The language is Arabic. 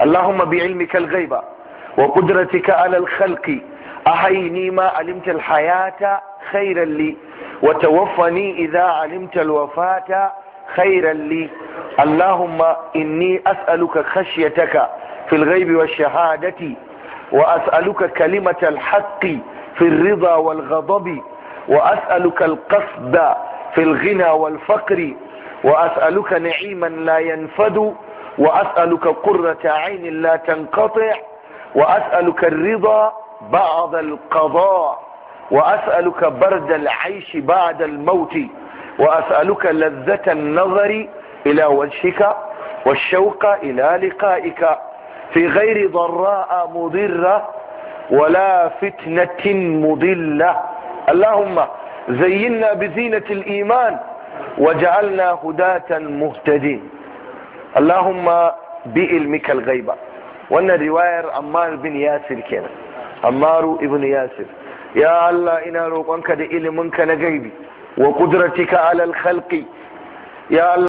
اللهم بعلمك الغيب وقدرتك على الخلق أحيني ما علمت الحياة خيرا لي وتوفني إذا علمت الوفاة خيرا لي اللهم إني أسألك خشيتك في الغيب والشهادة وأسألك كلمة الحق في الرضا والغضب وأسألك القصد في الغنى والفقر وأسألك نعيما لا ينفد وأسألك قرة عين لا تنقطع وأسألك الرضا بعد القضاء وأسألك برد العيش بعد الموت وأسألك لذة النظر إلى وجهك والشوق إلى لقائك في غير ضراء مضرة ولا فتنة مضلة اللهم زينا بزينة الإيمان وجعلنا هداة مهتدين Allahuma bi ilmika al-ghaiba wannan riwayar Ammar bin Yasir kenan Ammaru ibn Yasir ya Allah ina roƙonka da iliminka na gaibi wa qudratika ala kalƙi.